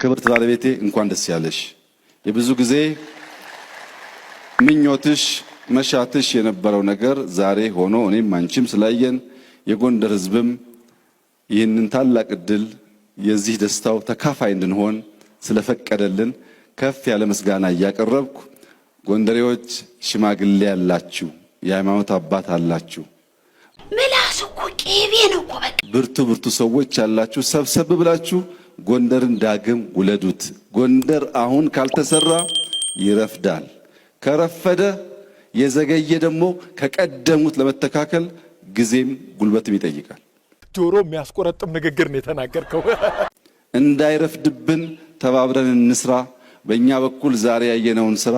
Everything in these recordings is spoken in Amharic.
ክብርት ባለቤቴ እንኳን ደስ ያለሽ። የብዙ ጊዜ ምኞትሽ መሻትሽ የነበረው ነገር ዛሬ ሆኖ እኔም አንቺም ስላየን የጎንደር ሕዝብም ይህንን ታላቅ እድል የዚህ ደስታው ተካፋይ እንድንሆን ስለፈቀደልን ከፍ ያለ ምስጋና እያቀረብኩ ጎንደሬዎች ሽማግሌ ያላችሁ፣ የሃይማኖት አባት አላችሁ ቅቤ ነው እኮ በቃ። ብርቱ ብርቱ ሰዎች ያላችሁ ሰብሰብ ብላችሁ ጎንደርን ዳግም ውለዱት። ጎንደር አሁን ካልተሰራ ይረፍዳል። ከረፈደ የዘገየ ደግሞ ከቀደሙት ለመተካከል ጊዜም ጉልበትም ይጠይቃል። ጆሮ የሚያስቆረጥም ንግግር ነው የተናገርከው። እንዳይረፍድብን ተባብረን እንስራ። በእኛ በኩል ዛሬ ያየነውን ስራ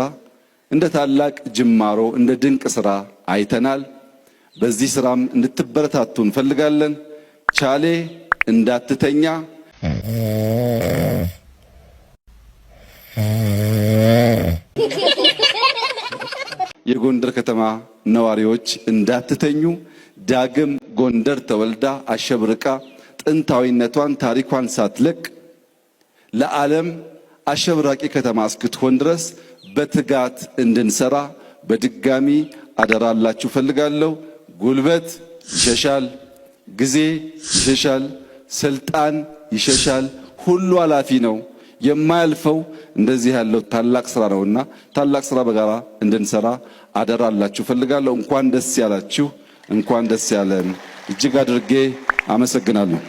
እንደ ታላቅ ጅማሮ እንደ ድንቅ ስራ አይተናል። በዚህ ስራም እንድትበረታቱ እንፈልጋለን። ቻሌ እንዳትተኛ የጎንደር ከተማ ነዋሪዎች እንዳትተኙ። ዳግም ጎንደር ተወልዳ አሸብርቃ ጥንታዊነቷን ታሪኳን ሳትለቅ ለዓለም አሸብራቂ ከተማ እስክትሆን ድረስ በትጋት እንድንሰራ በድጋሚ አደራላችሁ ፈልጋለሁ። ጉልበት ይሸሻል፣ ጊዜ ይሸሻል፣ ስልጣን ይሸሻል። ሁሉ ኃላፊ ነው። የማያልፈው እንደዚህ ያለው ታላቅ ስራ ነውና ታላቅ ስራ በጋራ እንድንሰራ አደራላችሁ ፈልጋለሁ። እንኳን ደስ ያላችሁ፣ እንኳን ደስ ያለን። እጅግ አድርጌ አመሰግናለሁ።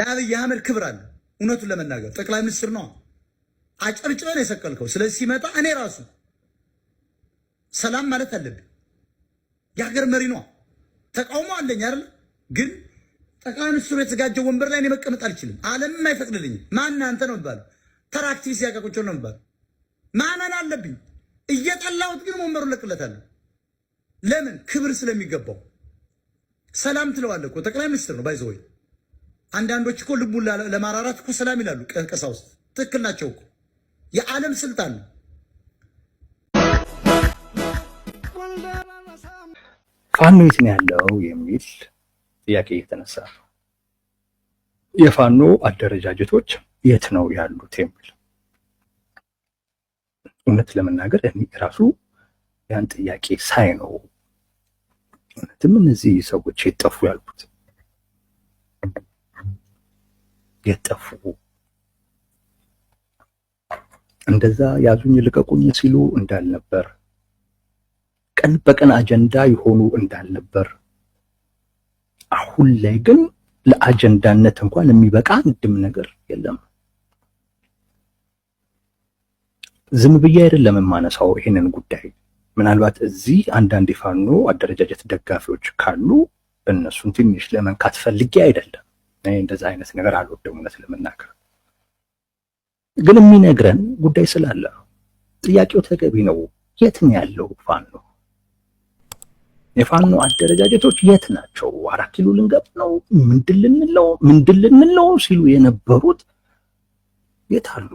ለአብይ አህመድ ክብር አለ። እውነቱን ለመናገር ጠቅላይ ሚኒስትር ነው። አጨብጭበን የሰቀልከው ስለዚህ ሲመጣ እኔ ራሱ ሰላም ማለት አለብኝ። የሀገር መሪ ነው። ተቃውሞ አለኝ አይደል? ግን ጠቅላይ ሚኒስትሩ የተዘጋጀው ወንበር ላይ እኔ መቀመጥ አልችልም። አለም አይፈቅድልኝ። ማን አንተ ነው የሚባለው? ተራ አክቲቪስት ያቀቁቸው ነው የሚባለው። ማመን አለብኝ። እየጠላሁት ግን ወንበሩ ለቅለታለሁ። ለምን? ክብር ስለሚገባው ሰላም ትለዋለህ እኮ ጠቅላይ ሚኒስትር ነው ባይዘወይ አንዳንዶች እኮ ልቡን ለማራራት እኮ ሰላም ይላሉ። ውስጥ ትክክል ናቸው እኮ የዓለም ስልጣን ነው። ፋኖ የት ነው ያለው የሚል ጥያቄ እየተነሳ ነው። የፋኖ አደረጃጀቶች የት ነው ያሉት የሚል እውነት ለመናገር እኔ ራሱ ያን ጥያቄ ሳይ ነው እውነትም እነዚህ ሰዎች የጠፉ ያልኩት የጠፉ እንደዛ ያዙኝ ልቀቁኝ ሲሉ እንዳልነበር ቀን በቀን አጀንዳ የሆኑ እንዳልነበር አሁን ላይ ግን ለአጀንዳነት እንኳን የሚበቃ አንድም ነገር የለም። ዝም ብዬ አይደለም የማነሳው ይሄንን ጉዳይ። ምናልባት እዚህ አንዳንድ የፋኖ አደረጃጀት ደጋፊዎች ካሉ እነሱን ትንሽ ለመንካት ፈልጌ አይደለም። እንደዛ አይነት ነገር አልወደም እውነት ለመናገር ግን የሚነግረን ጉዳይ ስላለ ነው። ጥያቄው ተገቢ ነው። የትን ያለው ፋኖ? የፋኖ አደረጃጀቶች የት ናቸው? አራት ኪሎ ልንገብ ነው ምንድን ልንል ነው ምንድን ልንል ነው ሲሉ የነበሩት የት አሉ?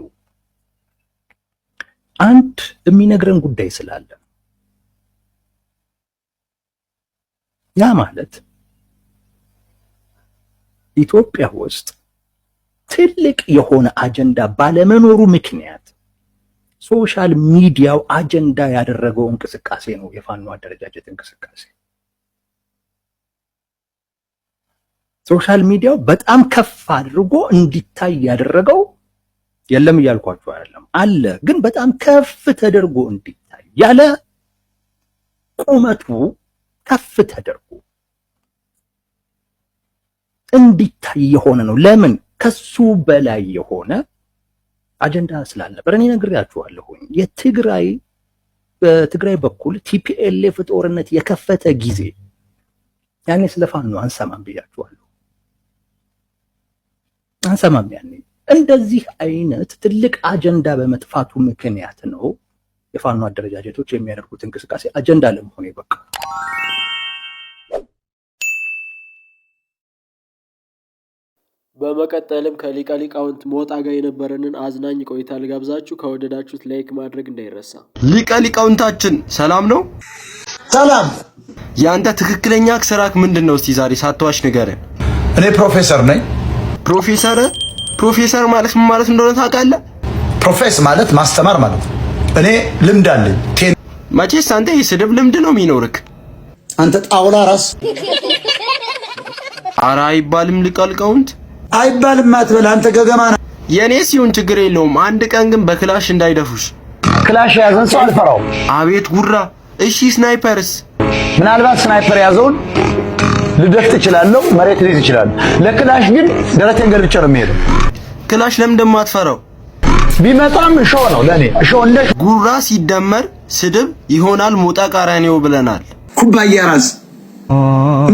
አንድ የሚነግረን ጉዳይ ስላለ ያ ማለት ኢትዮጵያ ውስጥ ትልቅ የሆነ አጀንዳ ባለመኖሩ ምክንያት ሶሻል ሚዲያው አጀንዳ ያደረገው እንቅስቃሴ ነው የፋኖ አደረጃጀት እንቅስቃሴ። ሶሻል ሚዲያው በጣም ከፍ አድርጎ እንዲታይ ያደረገው የለም እያልኳችሁ አይደለም፣ አለ ግን በጣም ከፍ ተደርጎ እንዲታይ ያለ ቁመቱ ከፍ ተደርጎ እንዲታይ የሆነ ነው። ለምን ከሱ በላይ የሆነ አጀንዳ ስላልነበር እኔ ነግሬያችኋለሁኝ። የትግራይ በትግራይ በኩል ቲፒኤልኤፍ ጦርነት የከፈተ ጊዜ ያኔ ስለ ፋኖ አንሰማም ብያችኋለሁ። አንሰማም ያኔ እንደዚህ አይነት ትልቅ አጀንዳ በመጥፋቱ ምክንያት ነው የፋኖ አደረጃጀቶች የሚያደርጉት እንቅስቃሴ አጀንዳ ለመሆን የበቃ በመቀጠልም ከሊቀ ሊቃውንት ሞጣ ጋር የነበረንን አዝናኝ ቆይታ ልጋብዛችሁ። ከወደዳችሁት ላይክ ማድረግ እንዳይረሳ። ሊቀ ሊቃውንታችን ሰላም ነው? ሰላም። የአንተ ትክክለኛ ስራክ ምንድን ነው? እስቲ ዛሬ ሳትዋሽ ንገረን። እኔ ፕሮፌሰር ነኝ። ፕሮፌሰር ፕሮፌሰር ማለት ምን ማለት እንደሆነ ታውቃለህ? ፕሮፌስ ማለት ማስተማር ማለት እኔ ልምድ አለኝ። መቼስ አንተ የስድብ ልምድ ነው የሚኖርክ። አንተ ጣውላ ራስ አራ አይባልም ሊቀ ሊቃውንት አይባልም አትበል አንተ ገገማ ነህ። የኔ ሲሆን ችግር የለውም። አንድ ቀን ግን በክላሽ እንዳይደፉሽ። ክላሽ የያዘን ሰው አልፈራው። አቤት ጉራ! እሺ ስናይፐርስ? ምናልባት ስናይፐር የያዘውን ልደፍጥ እችላለሁ፣ መሬት ልይዝ እችላለሁ። ለክላሽ ግን ደረቴን ገልብጬ ነው የሚሄደው። ክላሽ ለምን እንደማትፈራው ቢመጣም እሾ ነው ለኔ እሾ። እንደ ጉራ ሲደመር ስድብ ይሆናል ሞጣ ቃራኔው ብለናል። ኩባያ ራስ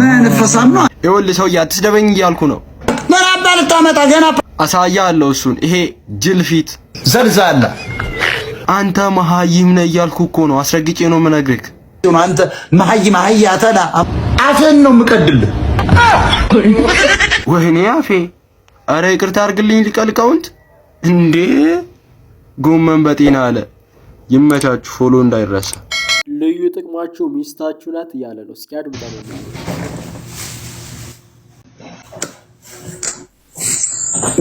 ምን ፈሳም ነው። ይኸውልህ ሰውዬ አትስደበኝ እያልኩ ነው። ልታመጣ ገና አሳያለሁ። እሱን ይሄ ጅል ፊት ዘልዛላ አንተ መሀይም ነህ እያልኩ እኮ ነው፣ አስረግጬ ነው የምነግርህ። አንተ መሀይም አህያ ተላ አፌን ነው የምቀድልህ። ወይኔ አፌ! አረ ይቅርታ አድርግልኝ ሊቀልቀውንት እንዴ! ጎመን በጤና አለ። ይመቻችሁ። ፎሎ እንዳይረሳ። ልዩ ጥቅማችሁ ሚስታችሁ ናት እያለ ነው። እስኪ አድምጠ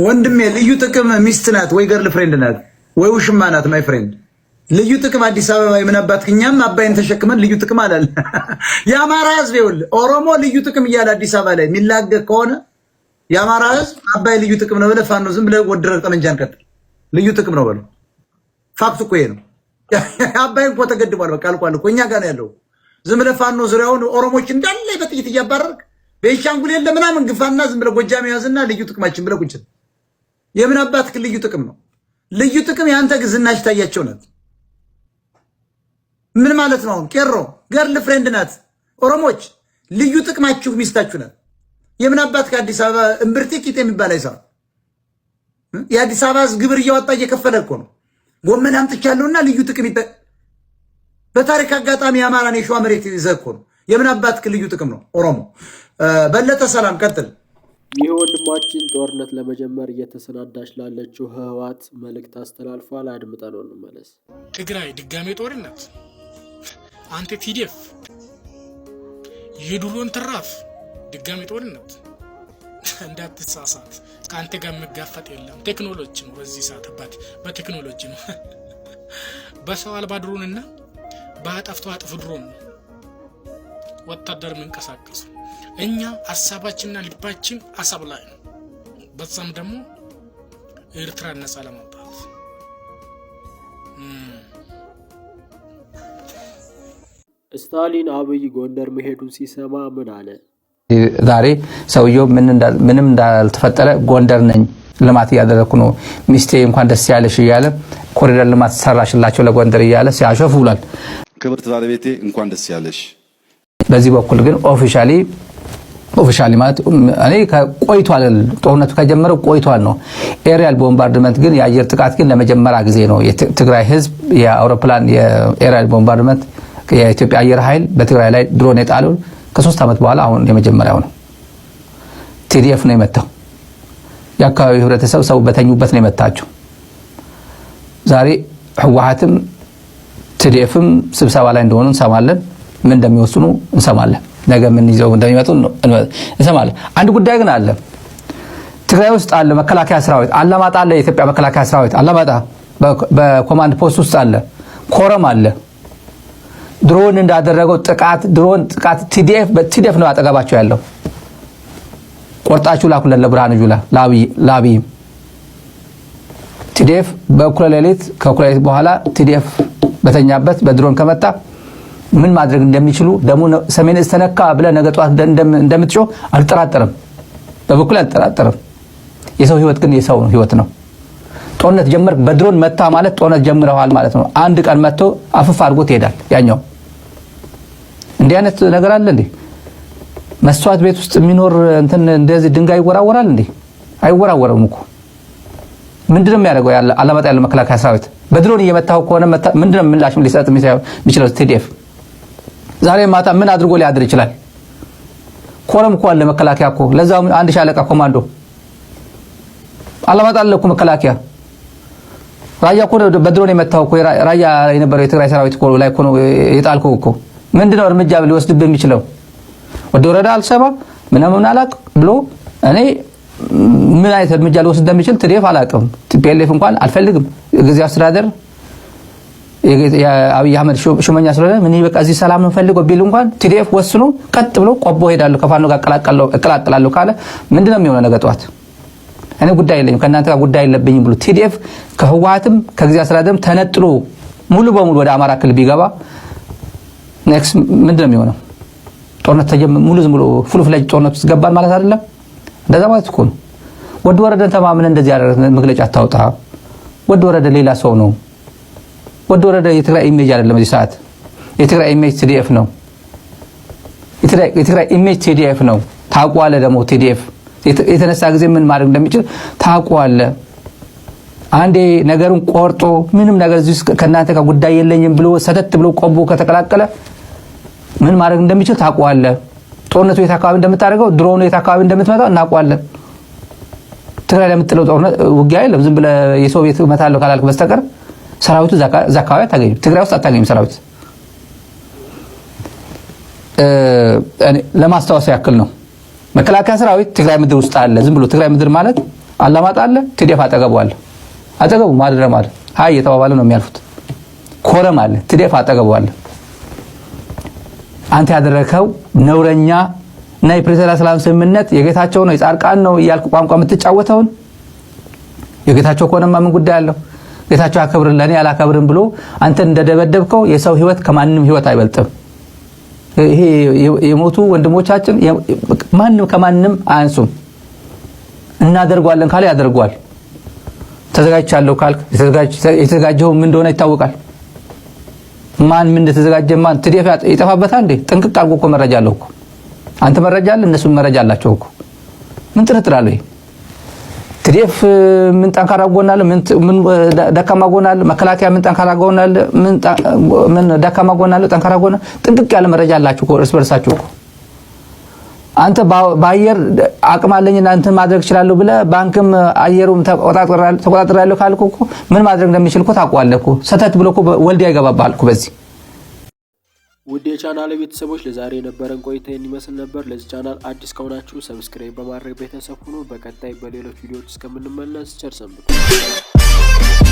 ወንድሜ ልዩ ጥቅም ሚስት ናት ወይ ገርል ፍሬንድ ናት ወይ ውሽማ ናት። ማይ ፍሬንድ ልዩ ጥቅም አዲስ አበባ የምናባት እኛም አባይን ተሸክመን ልዩ ጥቅም አላለ። የአማራ ህዝብ ይውል ኦሮሞ ልዩ ጥቅም እያለ አዲስ አበባ ላይ የሚላገቅ ከሆነ የአማራ ህዝብ አባይ ልዩ ጥቅም ነው ብለህ ፋኖ ዝም ብለህ ወደረግ ጠመንጃን ቀጥል። ልዩ ጥቅም ነው በለው። ፋክቱ እኮ ይሄ ነው። አባይ እኮ ተገድቧል። በቃ አልቋል እኮ እኛ ጋር ነው ያለው። ዝም ብለህ ፋኖ ዙሪያውን ኦሮሞች እንዳለ በጥይት እያባረርክ ቤንሻንጉል የለ ምናምን ግፋና ዝም ብለ ጎጃም ያዝና ልዩ ጥቅማችን ብለ ቁጭት። የምን አባትህ ልዩ ጥቅም ነው? ልዩ ጥቅም የአንተ ግዝናሽ ታያቸው ናት። ምን ማለት ነው? አሁን ቄሮ ገርል ፍሬንድ ናት። ኦሮሞች ልዩ ጥቅማችሁ ሚስታችሁ ናት። የምን አባት ከአዲስ አበባ እምብርቴ ቂጤ የሚባል አይሰራም። የአዲስ አበባ ሕዝብ ግብር እያወጣ እየከፈለ እኮ ነው። ጎመን አምጥቻለሁና ልዩ ጥቅም ይጠ በታሪክ አጋጣሚ የአማራን የሸዋ መሬት ይዘህ እኮ ነው። የምን አባትህ ልዩ ጥቅም ነው ኦሮሞ በለጠ ሰላም ቀጥል። ይህ ወንድማችን ጦርነት ለመጀመር እየተሰናዳች ላለችው ህወሓት መልእክት አስተላልፏል። አድምጠ ነው እንመለስ። ትግራይ ድጋሜ ጦርነት አንተ ቲዲኤፍ የድሮን ትራፍ ድጋሜ ጦርነት እንዳትሳሳት። ከአንተ ጋር መጋፈጥ የለም። ቴክኖሎጂ ነው። በዚህ ሰዓት አባት በቴክኖሎጂ ነው። በሰው አልባ ድሮንና በአጠፍቶ አጥፍ ድሮን ነው ወታደር የምንቀሳቀሱ እኛ ሀሳባችንና ልባችን አሰብ ላይ ነው። በዛም ደግሞ ኤርትራ ነጻ ለማውጣት ስታሊን አብይ ጎንደር መሄዱን ሲሰማ ምን አለ? ዛሬ ሰውየው ምንም እንዳልተፈጠረ ጎንደር ነኝ ልማት እያደረግኩ ነው፣ ሚስቴ እንኳን ደስ ያለሽ እያለ ኮሪደር ልማት ሰራሽላቸው ለጎንደር እያለ ሲያሾፍ ብሏል። ክብርት ባለቤቴ እንኳን ደስ ያለሽ። በዚህ በኩል ግን ኦፊሻሊ ኦፊሻሊ ማለት እኔ ቆይቷል፣ ጦርነቱ ከጀመረ ቆይቷል ነው። ኤሪያል ቦምባርድመንት ግን የአየር ጥቃት ግን ለመጀመሪያ ጊዜ ነው የትግራይ ህዝብ የአውሮፕላን የኤሪያል ቦምባርድመንት የኢትዮጵያ አየር ኃይል በትግራይ ላይ ድሮን የጣለው ከሶስት ዓመት በኋላ አሁን የመጀመሪያው ነው። ቲዲኤፍ ነው የመታው። የአካባቢው ህብረተሰብ ሰው በተኙበት ነው የመታቸው። ዛሬ ህወሓትም ቲዲኤፍም ስብሰባ ላይ እንደሆኑ እንሰማለን። ምን እንደሚወስኑ እንሰማለን። ነገ ምን ይዘው እንደሚመጡ እንሰማለን። አንድ ጉዳይ ግን አለ። ትግራይ ውስጥ አለ መከላከያ ሰራዊት፣ አላማጣ አለ የኢትዮጵያ መከላከያ ሰራዊት፣ አላማጣ በኮማንድ ፖስት ውስጥ አለ፣ ኮረም አለ። ድሮን እንዳደረገው ጥቃት ድሮን ጥቃት ቲዲኤፍ በቲዲኤፍ ነው አጠገባቸው ያለው። ቆርጣችሁ ላኩለት ለብርሃኑ ጁላ ለአብይም። ቲዲኤፍ በእኩለ ሌሊት ከእኩለ ሌሊት በኋላ ቲዲኤፍ በተኛበት በድሮን ከመጣ ምን ማድረግ እንደሚችሉ ደግሞ ሰሜን እስተነካ ብለ ነገ ጠዋት እንደምትጮህ አልጠራጠርም። በበኩል አልጠራጠርም። የሰው ህይወት ግን የሰው ህይወት ነው። ጦርነት ጀመር በድሮን መታ ማለት ጦርነት ጀምረዋል ማለት ነው። አንድ ቀን መጥቶ አፍፍ አድርጎ ትሄዳል ያኛው። እንዲህ አይነት ነገር አለ እንዴ? መስዋዕት ቤት ውስጥ የሚኖር እንትን እንደዚህ ድንጋይ ይወራወራል እንዴ? አይወራወርም እኮ ምንድነው የሚያደርገው? ዓላማጣ ያለው መከላከያ ሰራዊት በድሮን እየመታው ከሆነ ምንድነው ምላሽ ሊሰጥ የሚችለው ቲዲኤፍ ዛሬ ማታ ምን አድርጎ ሊያድር ይችላል? ኮረም እኮ አለ መከላከያ እኮ አንድ ሻለቃ ኮማንዶ አላማጣ አለ እኮ መከላከያ ራያ እኮ በድሮን የመታው እኮ ራያ የነበረው የትግራይ ሰራዊት እኮ ላይ እኮ ነው እኮ ምንድነው እርምጃ ሊወስድብህ የሚችለው? ወደ ወረዳ አልሰባ ምንም አላቅ ብሎ እኔ ምን አይነት እርምጃ ሊወስድ እንደሚችል ትዴፍ አላቅም። ቲፒኤልኤፍ እንኳን አልፈልግም። ጊዜያዊ አስተዳደር የአብይ አህመድ ሹመኛ ስለሆነ ምን በቃ እዚህ ሰላም እንፈልገው ቢል እንኳን ቲዲኤፍ ወስኖ ቀጥ ብሎ ቆቦ ሄዳለሁ ከፋኖ ጋር እቀላቅላሉ ካለ ምንድነው የሚሆነው? ነገ ጠዋት እኔ ጉዳይ የለኝም ከእናንተ ጋር ጉዳይ የለብኝም ብሎ ቲዲኤፍ ከህወሓትም ከጊዜ አስተዳደርም ተነጥሎ ሙሉ በሙሉ ወደ አማራ ክልል ቢገባ ኔክስት ምንድነው የሚሆነው? ጦርነት ሙሉ ዝም ብሎ ፉል ፍለጅ ጦርነት ውስጥ ገባል ማለት አይደለም። እንደዛ ማለት እኮ ነው። ወድ ወረደን ተማምነ እንደዚህ ያደረግን መግለጫ አታውጣ። ወድ ወረደ ሌላ ሰው ነው ወደ ወረደ የትግራይ ኢሜጅ አይደለም። እዚህ ሰዓት የትግራይ ኢሜጅ ቲዲኤፍ ነው። የትግራይ ኢሜጅ ቲዲኤፍ ነው። ታውቋለ። ደግሞ ቲዲኤፍ የተነሳ ጊዜ ምን ማድረግ እንደሚችል ታውቋለ። አንዴ ነገሩን ቆርጦ ምንም ነገር እዚህ ከእናንተ ጋር ጉዳይ የለኝም ብሎ ሰተት ብሎ ቆቦ ከተቀላቀለ ምን ማድረግ እንደሚችል ታውቋለ። ጦርነቱ የት አካባቢ እንደምታደርገው ድሮኑ የት አካባቢ እንደምትመጣው እናውቋለን። ትግራይ ለምትለው ጦርነት ውጊያ የለም። ዝም ብለህ የሶቪየት መታለው ካላልክ በስተቀር ሰራዊቱ እዛ አካባቢ አታገኝም። ትግራይ ውስጥ አታገኝም ሰራዊት። ለማስታወስ ያክል ነው መከላከያ ሰራዊት ትግራይ ምድር ውስጥ አለ። ዝም ብሎ ትግራይ ምድር ማለት አላማጣ አለ፣ ትዴፍ አጠገቡ አለ። አጠገቡ ማድረ ማለ ሀይ እየተባባለ ነው የሚያልፉት። ኮረም አለ፣ ትዴፍ አጠገቡ አለ። አንተ ያደረከው ነውረኛ እና የፕሪቶሪያ ሰላም ስምምነት የጌታቸው ነው የጻድቃን ነው እያልክ ቋንቋ የምትጫወተውን የጌታቸው ከሆነማ ምን ጉዳይ አለው? ጌታቸው አከብርን ለእኔ አላከብርን ብሎ አንተን እንደደበደብከው የሰው ህይወት ከማንም ህይወት አይበልጥም። ይሄ የሞቱ ወንድሞቻችን ማንም ከማንም አያንሱም። እናደርጓለን ካለ ያደርጓል። ተዘጋጅቻለሁ ካልክ የተዘጋጀው ምን እንደሆነ ይታወቃል። ማን ምን እንደተዘጋጀ ማን ትዴፍ ይጠፋበታል እንዴ? ጥንቅቅ አድርጎ እኮ መረጃ አለው እኮ። አንተ መረጃ አለ፣ እነሱም መረጃ አላቸው እኮ። ምን ጥርጥር አለው? ትዴፍ ምን ጠንካራ ጎን አለ? ምን ደካማ ጎን አለ? መከላከያ ምን ጠንካራ ጎን አለ? ምን ደካማ ጎን አለ? ጠንካራ ጎን ጥንቅቅ ያለ መረጃ አላችሁ እርስ በርሳችሁ አንተ በአየር አቅም አለኝና እንትን ማድረግ እችላለሁ ብለህ ባንክም አየሩም ተቆጣጥራለሁ ካልኩ እኮ ምን ማድረግ እንደሚችል እኮ ታውቀዋለህ እኮ። ሰተት ብሎ እኮ ወልድ ያገባባል እኮ በዚህ ውድ የቻናል ቤተሰቦች ለዛሬ የነበረን ቆይታ የሚመስል ነበር። ለዚህ ቻናል አዲስ ከሆናችሁ ሰብስክራይብ በማድረግ ቤተሰብ ሁኑ። በቀጣይ በሌሎች ቪዲዮዎች እስከምንመለስ ቸር ሰንብቱ።